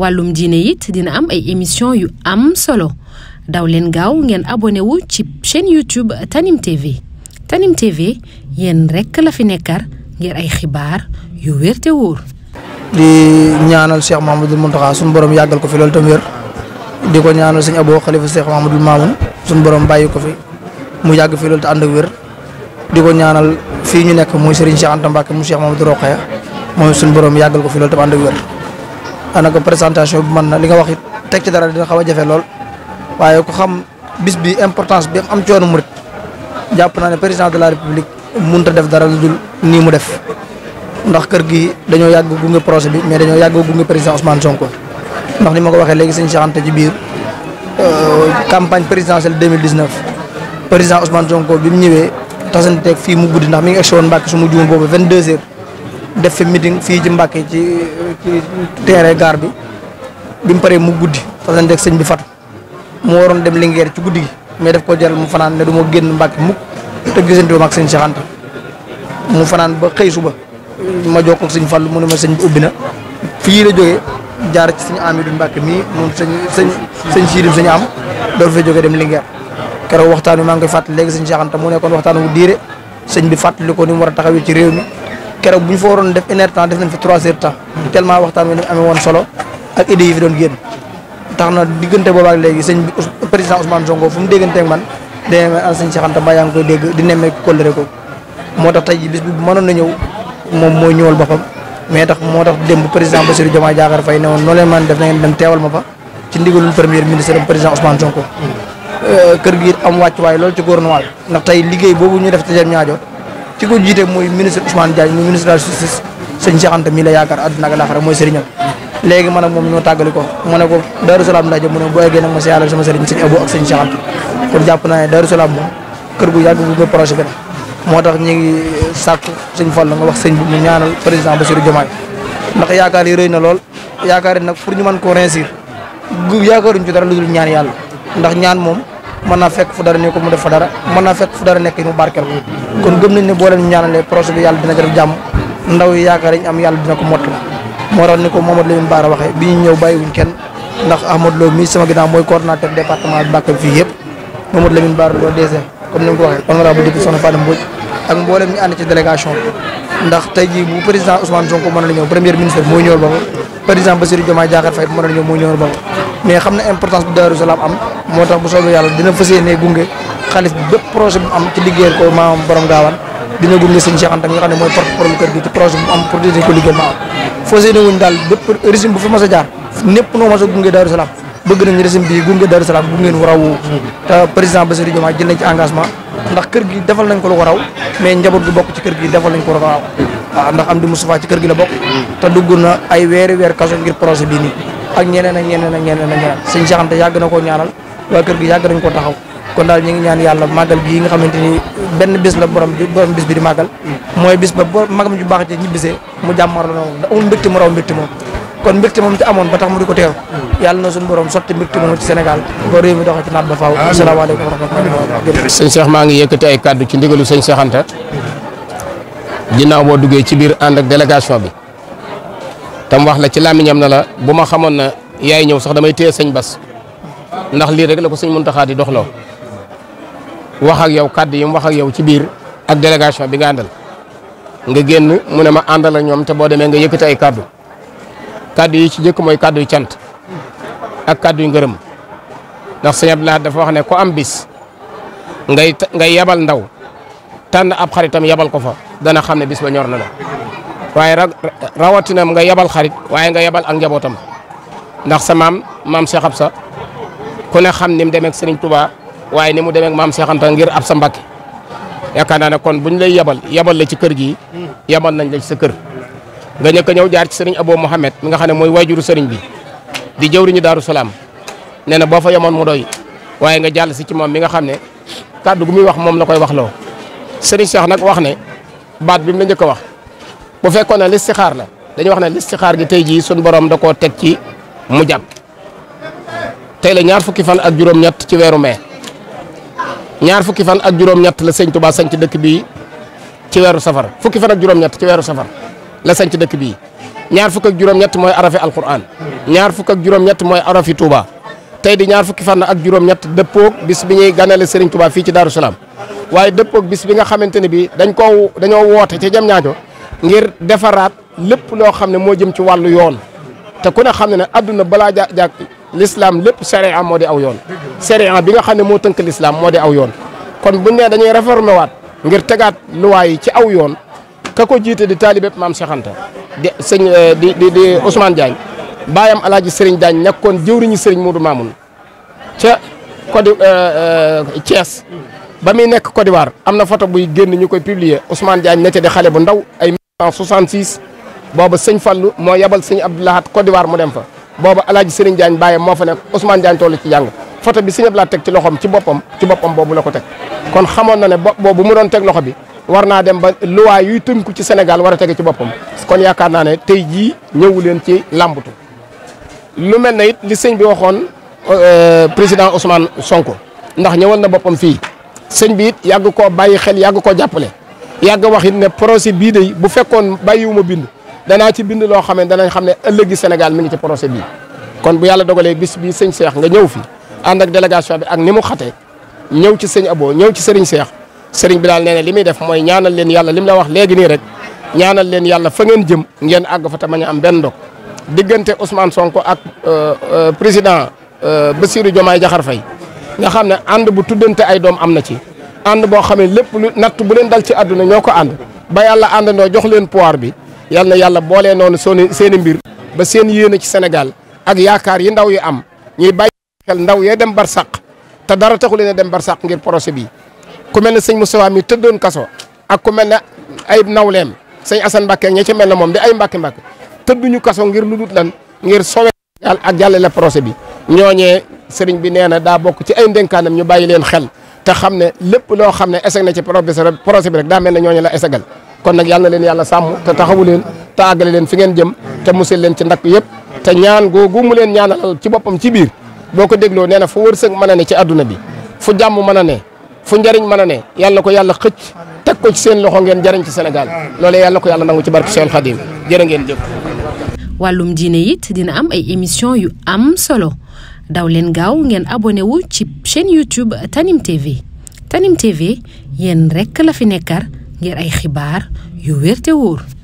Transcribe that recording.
wàllum diine it dina am ay émission yu am solo daw leen gaaw ngeen abonné wu ci chaîne YouTube Tanim TV Tanim TV yéen rekk la fi nekkar ngir ay xibaar yu wér te wóor. di ñaanal Cheikh Mamadou Mountakha suñu borom yàggal ko fi loolu tam wér di ko ñaanal sëñ Abo xalifa Cheikh Mamadou Mamoun suñu borom bàyyi ko fi mu yàgg fi loolu te ànd ak wér di fii ñu nekk muy Serigne Cheikh Anta Mbacke mu Cheikh Mamadou Rokhaya moom suñu borom yàggal ko fi loolu tam ànd wér. daanaka présentation bi man na li nga wax it teg ci dara dina xaw a jafe lool waaye ko xam bis bi importance bi am ci mu murit jàpp naa ne président de la république mënut a def dara lu dul nii mu def ndax kër gi dañoo yàgg gunge projet bi mais dañoo yàgg gunge président Ousmane Sonko ndax ni ma ko waxee léegi sëñ Cheikh Anta ci biir euh, campagne présidentielle 2019 président Ousmane Sonko bi mu ñëwee tasanteeg fii mu guddi ndax mi ngi egsi woon Mbàkke su mu juum boobu 22 def fi meeting fii ci Mbàkke ci ci terrain gaar bi bi mu paree mu guddi fa lañ def sëñ bi fatt mu waroon dem Linguère ci guddi gi mais def ko jaral mu fanaan ne du ma génn Mbàkke mukk te gisante ak sëñ Cheikh mu fanaan ba xëy suba ma jokkoo ak sëñ Fallou mu ne ma sëñ bi ubbi na fii la jógee jaar ci sëñ Amidou Mbàkke mii moom sëñ sëñ sëñ siirim sëñ am doo fa jógee dem Linguère keroog waxtaan wi maa ngi koy fàttali léegi sëñ Cheikh Anta mu nekkoon waxtaan wu diire sëñ bi fàttali ko ni mu war a taxawee ci réew mi keroog bu ñu fa waroon def une heure temps def nañ fa trois heures temps tellement waxtaan bi amee woon solo ak idées fi doon génn tax na diggante boobaak léegi sëñ bi président Ousmane Sonko fu mu déggante ak man deme an sëñ Cheikh yaa ngi koy dégg di nemmee kóllëre ko moo tax tey ji bis bi na ñëw moom mooy ñëwal boppam mais tax moo tax démb président Bassirou Diomaye Diakhar ne woon noo leen man def na ngeen dem teewal ma fa ci ndigalul premier ministre am Sonko mm. euh, kër gi am waay loolu ci gouvernement ndax tey liggéey boobu ñu def ci jëm ñaajo ki ko jiite muy ministre Ousmane Diagne muy ministre de la justice sëñ Cheikh Anta mii la yaakaar àdduna ak laaxira mooy sëriñam léegi man ak moom ñoo tàggali ko mu ne ko Daaru Salaam laa jëm mu ne bu eggee nag ma si yàlla sama sëriñ sëñ Abu ak sëñ Cheikh Anta kon jàpp naa ne Daaru Salaam moom kër gu yàgg bu projet bi la moo tax ñu ngi sàkku sëñ Fall nga wax sëñ bi mu ñaanal président Bassirou Diomaye ndax yaakaar yi rëy na lool yaakaar yi nag pour ñu mën ko réussir yaakaaruñ ci dara lu dul ñaan yàlla ndax ñaan moom mën naa fekk fu dara ne ko mu def fa dara mën naa fekk fu dara nekk yi barkeel ko kon gëm nañ ne boo leen ñaanalee projet bi yàlla dina def jàmm ndaw yaakaar yi am yàlla dina ko mott la moo tax ni ko Mamadou Lamine Bara waxee bi ñu ñëw bàyyiwuñ kenn ndax Ahmadou Lo mii sama ginnaaw mooy coordonnateur département Mbacké bi fii yëpp Mamadou Lamine Bara Lo DG comme ni nga ko waxee honorable député Soxna Fadam Mbodj ak mboolem ñu ànd ci délégation ndax te ji bu président Ousmane Sonko mënoon ñëw premier ministre mooy ñëwal boppam président Bassirou Diomaye Diakhar Faye mënoon ñëw mooy ñëwal dina fas yéenee gunge xalif bépp projet bu am ci liggéeyal ko maamam borom gaawaan dina gunge mooy porte-parole kër bu am pour dinañ ko a jaar népp noo a gunge Daaru Salaam gunge Daaru Salaam gungeen waraw te président Bassirou Diomaye jël nañ ci engagement ndax kër gi defal nañ ko lu ko raw mais njaboot gi bokk ci kër gi defal nañ ko lu ko raw ndax am di Moustapha ci kër gi la bokk te dugg na ay weeri weer kaso ngir projet bi nii ak ñeneen ak ñeneen ak ñeneen ak ñeneen sëñ Cheikh Anta yàgg na ko ñaanal waa kër gi yàgg nañ ko taxaw kon daal ñu ngi ñaan yàlla màggal gi nga xamante ni benn bis la borom borom bis bi di màggal mooy bis ba magam ju baax ci ñibbisee mu jàmmarloo noonu da amul mbégte mu raw mbégte kon mbégte moom ci amoon ba tax mu di ko teew yàlla na suñu borom sotti mbégte moom ci senegal ba réew mi doxee ci naat ba faaw asalaamaaleykum wa sëñ Cheikh maa ngi yëkkati ay kàddu ci ndigalu sëñ seexanta Anta ginnaaw boo duggee ci biir ànd ak délégation bi tam wax la ci làmmiñam na la bu ma xamoon na yaay ñëw sax damay téye sëñ Bas ndax lii rek la ko sëñ Muntaxa dox doxloo wax ak yow kàddu yi mu wax ak yow ci biir ak délégation bi nga àndal nga génn mu ne ma àndal ak te boo demee nga yëkkati ay kàddu kàddu yi ci jëkk mooy kàddu yu cant ak kàddu yu ngërëm ndax sëñ Abdoulaye dafa wax ne ko am bis ngay ngay yabal ndaw tànn ab xaritam yabal ko fa dana xam ne bis ba ñor na la waaye rawatinam nga yabal xarit waaye nga yabal ak njabootam ndax sa maam maam Cheikh Absa ko ne xam ni mu demee ak Serigne Touba waaye ni mu demee ak maam Cheikh ngir ab sa mbàkke yaakaar naa ne kon buñ lay yabal yabal la ci kër gi yabal nañ la ci sa nga ñëkk a ñëw jaar ci sëriñ Abo Mohamed mi nga xam ne mooy waajuru sëriñ bi di jëwriñu Daaru Salaam nee na boo fa yemoon mu doy waaye nga jàll si ci moom mi nga xam ne kàddu gu muy wax moom la koy wax loo sëriñ Cheikh nag wax ne baat bi mu la njëkk a wax bu fekkoon ne listixaar la dañuy wax ne listixaar gi tey jii suñ borom da koo teg ci mu jàpp tey la ñaar fukki fan ak juróom-ñett ci weeru mai ñaar fukki fan ak juróom-ñett la sëñ Touba sañ ci dëkk bi ci weeru safar fukki fan ak ci weeru safar la sanc dëkk bii ñaar fukk ak juróom-ñett mooy arafi alquran ñaar fukk ak juróom-ñett mooy arafi Touba tey di ñaar fukki fan ak juróom-ñett dëppoog bis bi ñuy ganale Serigne Touba fii ci Darou Salaam waaye dëppoog bis bi nga xamante ne bii dañ koo dañoo woote ci jam ñaajo ngir defaraat lépp loo xam ne moo jëm ci wàllu yoon te ku ne xam ne ne adduna balaa ja jàkk l'islam lépp sariya moo di aw yoon sariya bi nga xam ne moo tënk lislaam moo di aw yoon kon buñ ne dañuy réformer ngir tegaat luwaay yi ci aw yoon ka ko jiite di taalibe maam Cheikh Anta di sëñ eh, di di di Ousmane Diagne baayam alaaji Serigne Diagne nekkoon jëwriñu sëriñ Modou Mamoun ca Côte eh, eh, Thiès ba muy nekk cot d'Ivoire am na foto buy génn ñu koy publier Ousmane Diagne ne ca di xale bu ndaw ay 1966 booba sëñ Fallou moo yabal sëñ Abdoulahat Côte d'Ivoire mu dem fa booba alaaji Serigne Diagne baayam moo fa nekk Ousmane Diagne toll ci jàng foto bi si Abdoulahat teg ci loxoom ci boppam ci boppam boobu la ko teg kon xamoon na ne bopp boobu mu doon teg loxo bi war naa dem ba luwaay yuy tënku ci Sénégal war a tege ci boppam kon yaakaar naa ne tey jii ñëwu leen ci làmbatu lu mel na it li sëñ bi waxoon euh, président Ousmane Sonko ndax ñëwal na boppam fii sëñ bi it yàgg koo bàyyi xel yàgg koo jàppale yàgg wax it ne projet bii de bu fekkoon bàyyiwu ma bind danaa ci bind loo xam ne danañ xam ne ëllëgi Sénégal mi ngi ci projet bii kon bu yàlla dogalee bis bii sëñ Cheikh nga ñëw fi ànd ak délégation bi ak ni mu xatee ñëw ci sëñ Abo ñëw ci sëriñ Cheikh sëriñ bi daal nee na li muy def mooy ñaanal leen yàlla li mu la wax léegi rek ñaanal leen yàlla fa ngeen jëm ngeen àgg fa te mañ am benn ndog diggante Ousmane Sonko ak euh, euh, président euh, Bassirou Diomaye Diakhar fay nga xam ne ànd bu tuddante ay doom am na ci ànd boo xamee ne lépp natt bu leen dal ci àdduna ñoo ko ànd ba yàlla àndandoo jox leen pouvoir bi yàlla na yàlla boolee noonu seen seen mbir ba seen yéene ci Sénégal ak yaakaar yi ndaw yi am ñuy bàyyi xel ndaw yee dem barsàq te dara taxu leen a dem barsàq ngir projet bi ku mel ne sëñ Moustapha mi tëddoon kaso ak ku mel ne ay nawleem sëñ Assane Mbacke ña ca mel ne moom di ay Mbacke Mbacke tëdduñu kaso ngir lu dul lan ngir sowe ak jàllale procès bi ñooñee sëriñ bi nee na daa bokk ci ay ndénkaanam ñu bàyyi leen xel te xam ne lépp loo xam ne échec na ci procès bi rek daa mel ne ñooñu la échecal kon nag yal leen yàlla sàmm te taxawu leen te àggale leen fi ngeen jëm te musal leen ci ndakk yëpp te ñaan googu mu leen ñaanal ci boppam ci biir boo ko dégloo nee na fu wërsëg mën a ne ci adduna bi fu jàmm mën a ne fu njariñ mën a ne yàlla ko yàlla xëcc teg ko ci seen loxo ngeen jëriñ ci Sénégal loolee yàlla ko yàlla nangu ci barke Seexul Xadim jërë ngeen jëf. wàllum diine it dina am ay émission yu am solo daw leen gaaw ngeen abonné wu ci chaîne YouTube Tanim TV Tanim TV yéen rekk la fi nekkar ngir ay xibaar yu wér te wóor.